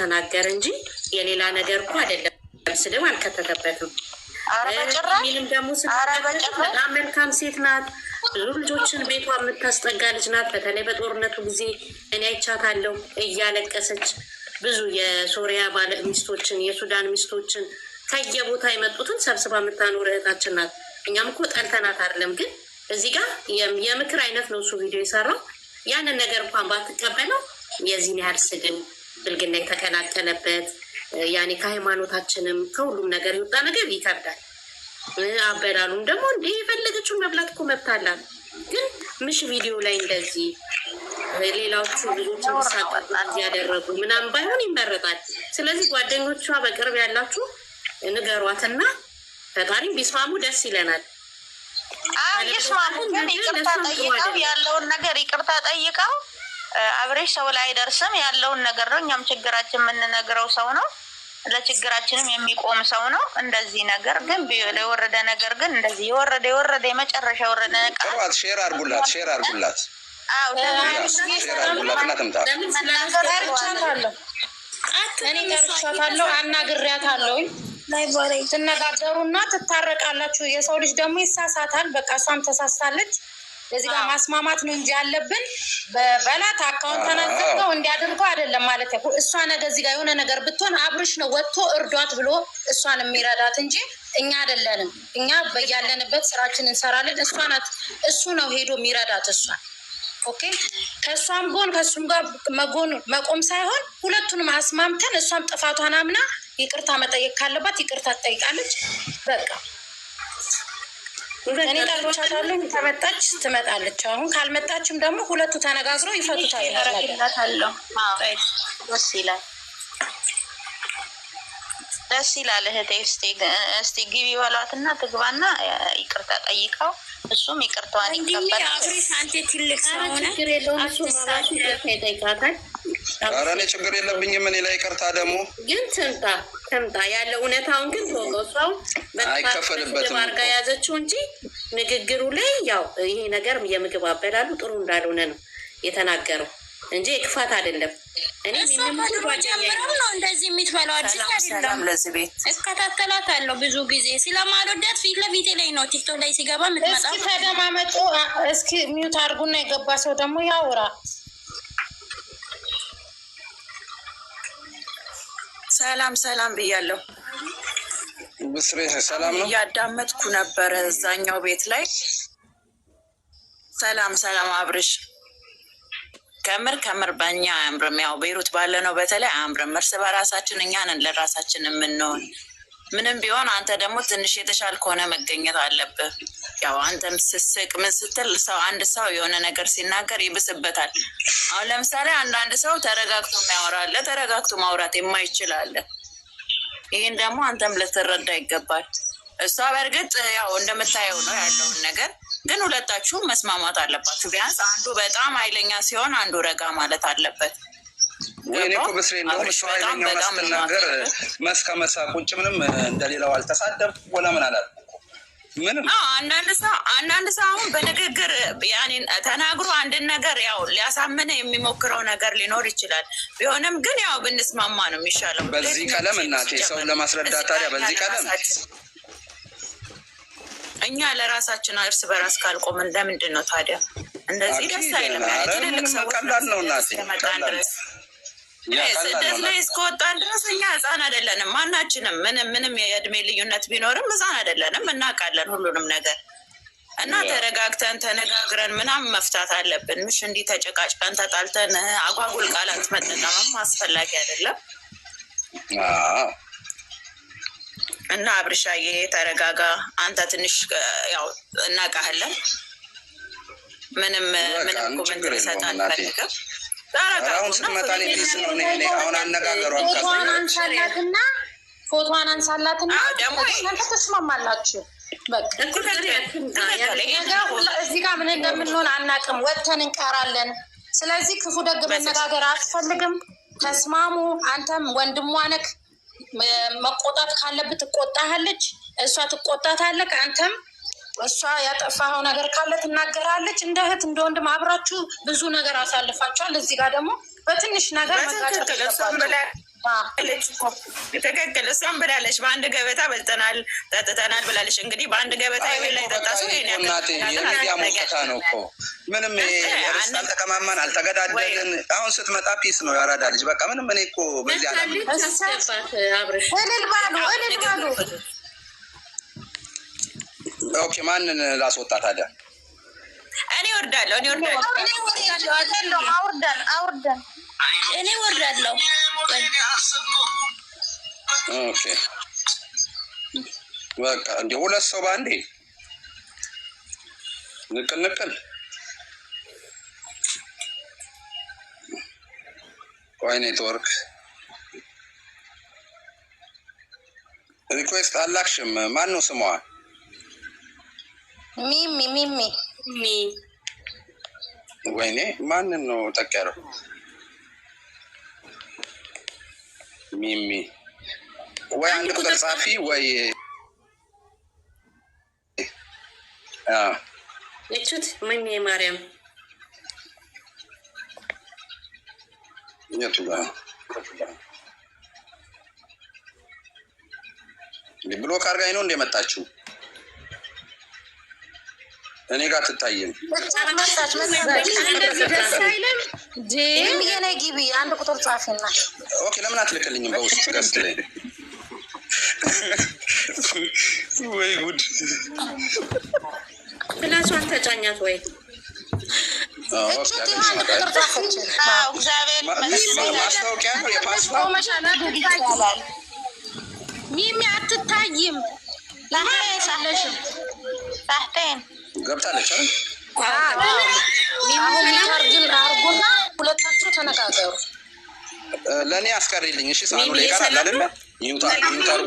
ተናገር እንጂ የሌላ ነገር እኮ አይደለም። ስድብ አልከተተበትም። ሚልም ደግሞ በጣም መልካም ሴት ናት። ብዙ ልጆችን ቤቷ የምታስጠጋ ልጅ ናት። በተለይ በጦርነቱ ጊዜ እኔ አይቻታለሁ እያለቀሰች ብዙ የሶሪያ ባለ ሚስቶችን የሱዳን ሚስቶችን ከየቦታ የመጡትን ሰብስባ የምታኖር እህታችን ናት። እኛም እኮ ጠልተናት አይደለም፣ ግን እዚህ ጋር የምክር አይነት ነው እሱ ቪዲዮ የሰራው። ያንን ነገር እንኳን ባትቀበለው የዚህን ያህል ስድብ ብልግና የተቀላቀለበት ያኔ ከሃይማኖታችንም ከሁሉም ነገር የወጣ ነገር ይከብዳል። አበላሉም ደግሞ እንደ የፈለገችውን መብላት እኮ መብት አላት። ግን ምሽ ቪዲዮ ላይ እንደዚህ ሌላዎቹ ልጆች ሳጣጣት ያደረጉ ምናምን ባይሆን ይመረጣል። ስለዚህ ጓደኞቿ በቅርብ ያላችሁ ንገሯትና ፈጣሪም ቢስማሙ ደስ ይለናል። ይስማሙ፣ ግን ይቅርታ ጠይቀው ያለውን ነገር ይቅርታ ጠይቀው አብሬሽ ሰው ላይ አይደርስም ያለውን ነገር ነው። እኛም ችግራችን የምንነግረው ሰው ነው። ለችግራችንም የሚቆም ሰው ነው። እንደዚህ ነገር ግን የወረደ ነገር ግን እንደዚህ የወረደ የወረደ የመጨረሻ የወረደ ነገር ሼር አድርጉላት፣ ሼር አድርጉላት። ጠርቻታለሁ፣ አናግሬያታለሁኝ። ትነጋገሩና ትታረቃላችሁ። የሰው ልጅ ደግሞ ይሳሳታል። በቃ እሷም ተሳሳለች። እዚህ ጋር ማስማማት ነው እንጂ ያለብን በላት አካውንት ተናገርተው እንዲያደርገው አይደለም ማለት ያ እሷ ነገ እዚህ ጋር የሆነ ነገር ብትሆን አብርሽ ነው ወጥቶ እርዷት ብሎ እሷን የሚረዳት እንጂ እኛ አይደለንም። እኛ በያለንበት ስራችን እንሰራለን። እሷ ናት እሱ ነው ሄዶ የሚረዳት እሷን ኦኬ ከእሷም ጎን ከእሱም ጋር መጎን መቆም ሳይሆን ሁለቱንም አስማምተን እሷም ጥፋቷን አምና ይቅርታ መጠየቅ ካለባት ይቅርታ ትጠይቃለች። በቃ እኔ ጠርቻታለሁ። ከመጣች ትመጣለች። አሁን ካልመጣችም ደግሞ ሁለቱ ተነጋግረው ይፈቱታል። አለው ደስ ይላል፣ ደስ ይላል። እህቴ እስቲ ግቢ በሏትና ትግባና ይቅርታ ጠይቀው እሱም ይቅርታዋን ይቀበላል። ችግር የለብኝም እኔ ላይ ይቅርታ ደግሞ ግን ትምጣ ሰምታ ያለው እውነታውን ግን ተወቀሷው በምግብ አድርጋ ያዘችው እንጂ ንግግሩ ላይ ያው ይሄ ነገር የምግብ አበላሉ ጥሩ እንዳልሆነ ነው የተናገረው እንጂ የክፋት አይደለም። እኔ ጀምረም ነው እንደዚህ የምትበላው አዲስ አይደለም። ለዚህ ቤት አለው ብዙ ጊዜ ስለማልወዳት ፊት ለፊቴ ላይ ነው ቲክቶክ ላይ ሲገባ ምትመጣ። እስኪ ተደማመጡ። እስኪ ሚውት አድርጉና የገባ ሰው ደግሞ ያውራ። ሰላም ሰላም ብያለሁ። ሰላም ነው። እያዳመጥኩ ነበረ እዛኛው ቤት ላይ። ሰላም ሰላም አብርሽ፣ ከምር ከምር በእኛ አያምርም። ያው ቤይሩት ባለ ነው በተለይ አያምርም። እርስ በራሳችን እኛንን ለራሳችን የምንሆን ምንም ቢሆን አንተ ደግሞ ትንሽ የተሻል ከሆነ መገኘት አለብህ። ያው አንተም ስስቅ ምን ስትል ሰው አንድ ሰው የሆነ ነገር ሲናገር ይብስበታል። አሁን ለምሳሌ አንዳንድ ሰው ተረጋግቶ የሚያወራለ ተረጋግቶ ማውራት የማይችላለ ይህን ደግሞ አንተም ልትረዳ ይገባል። እሷ በእርግጥ ያው እንደምታየው ነው ያለውን ነገር፣ ግን ሁለታችሁም መስማማት አለባችሁ። ቢያንስ አንዱ በጣም ኃይለኛ ሲሆን አንዱ ረጋ ማለት አለበት። ወይኔ እኮ በስሬ እንደውም እሱ ኃይለኛው ስትናገር መስካ መሳ ቁጭ ምንም እንደሌላው አልተሳደብኩ ወላ ምን አላልኩ። አንዳንድ ሰው አንዳንድ ሰው አሁን በንግግር ያኔ ተናግሮ አንድን ነገር ያው ሊያሳምነ የሚሞክረው ነገር ሊኖር ይችላል። ቢሆንም ግን ያው ብንስማማ ነው የሚሻለው። በዚህ ቀለም እናቴ ሰው ለማስረዳት ታዲያ በዚህ ቀለም እኛ ለራሳችን እርስ በራስ ካልቆምን ለምንድን ነው ታዲያ እንደዚህ ደስ አይልም። ትልልቅ ሰዎች እናቴ ቀላል እስከወጣን ድረስ እኛ ህፃን አይደለንም። ማናችንም ምንም ምንም የእድሜ ልዩነት ቢኖርም ህፃን አይደለንም። እናውቃለን ሁሉንም ነገር እና ተረጋግተን ተነጋግረን ምናምን መፍታት አለብን። ምሽ እንዲህ ተጨቃጭቀን ተጣልተን አጓጉል ቃላት መጠቀምም አስፈላጊ አይደለም። እና አብርሻዬ ተረጋጋ። አንተ ትንሽ ያው እናውቃለን። ምንም ምንም ኮመንት ይሰጣል አንፈልግም አሁን ስትመጣ እኔ አሁን ፎቶዋን አንሳላትና ፎቶዋን አንሳላትና ተስማማላችሁ። እዚህ ጋር ምን እንደምንሆን አናውቅም፣ ወጥተን እንቀራለን። ስለዚህ ክፉ ደግ መነጋገር አትፈልግም። ተስማሙ። አንተም ወንድሟ ነክ መቆጣት ካለብህ ትቆጣሃለች፣ እሷ አንተም እሷ ያጠፋኸው ነገር ካለ ትናገራለች። እንደ እህት እንደ ወንድም አብራችሁ ብዙ ነገር አሳልፋችኋል። እዚህ ጋር ደግሞ በትንሽ ነገር መጋጨት ትክክል። እሷም ብላለች በአንድ ገበታ በልጠናል ጠጥተናል ብላለች። እንግዲህ በአንድ ገበታ የበላ የጠጣ ሰው ሙታ ነው እኮ ምንም ርስ ተቀማመን አልተገዳደልን። አሁን ስትመጣ ፒስ ነው ያራዳልች በቃ ምንም እኔ እኮ በዚያ እልል ባሉ እልል ባሉ ኦኬ፣ ማንን ላስወጣታለን? እኔ ወርዳለሁ። እኔ ወርዳለሁ። አውርደን አውርደን እኔ ወርዳለሁ። ኦኬ፣ በቃ እንደ ሁለት ሰው በአንዴ ንቅል ንቅል። ቆይ ኔትወርክ ሪኩዌስት አላክሽም። ማን ነው ስሟ? ሚሚ ሚሚ ሚ ወይኔ ማንን ነው ጠቅ ሚሚ ወይ አንድ ቁጥር ጻፊ ወይ የቹት ሚሚ ማርያም የቱ ጋር ብሎክ አድርጋኝ ነው እንደመጣችው? እኔ ጋር ትታየኝ የኔ ግቢ አንድ ቁጥር ጻፊና ኦኬ። ለምን አትልክልኝም በውስጥ ገስ ላይ? ወይ ጉድ! ፕላሷን ተጫኛት ወይ ማስታወቂያ ነው የፓስታል ሚሚ አትታይም ለሽም ሳህቴን ገብታለች አይደል? አሁን ሪቻርጅን አድርጉና ሁለታችሁ ተነጋገሩ። ለእኔ አስቀሪልኝ። እሺ፣ ሳኑ ላይ ይቀራል አይደለ? ሚውት አድርጉና ሁለታችሁ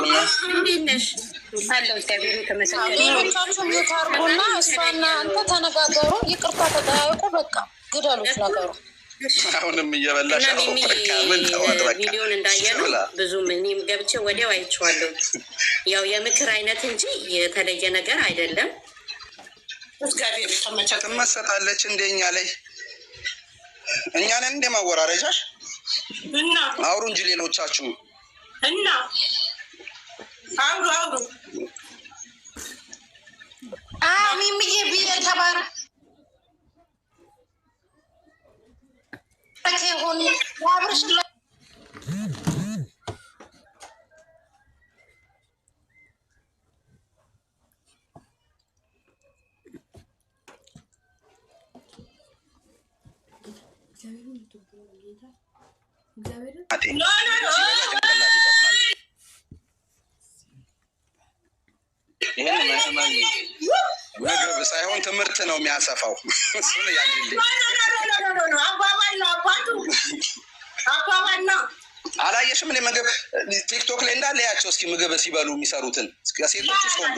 ሚውት አድርጉና እሷና አንተ ተነጋገሩ። ይቅርታ ተጠያየቁ። በቃ ግደሉት ነገሩ። አሁንም እየበላሽ ምን ተዋት። በቃ ብዙም እኔም ገብቼ ወዲያው አይቼዋለሁ። ያው የምክር አይነት እንጂ የተለየ ነገር አይደለም። እግዚአብሔር ተመቸት እንደኛ ላይ እኛን እንደ እና አውሩ እንጂ ሌሎቻችሁ እና አውሩ አውሩ ሚሚዬ ብዬ ተባረ ሆኑ አብርሽ ምግብ ሳይሆን ትምህርት ነው የሚያሰፋው። አላየሽም? እኔ ምግብ ቲክቶክ ላይ እንዳለ ያቸው እስኪ ምግብ ሲበሉ የሚሰሩትን ሴቶች፣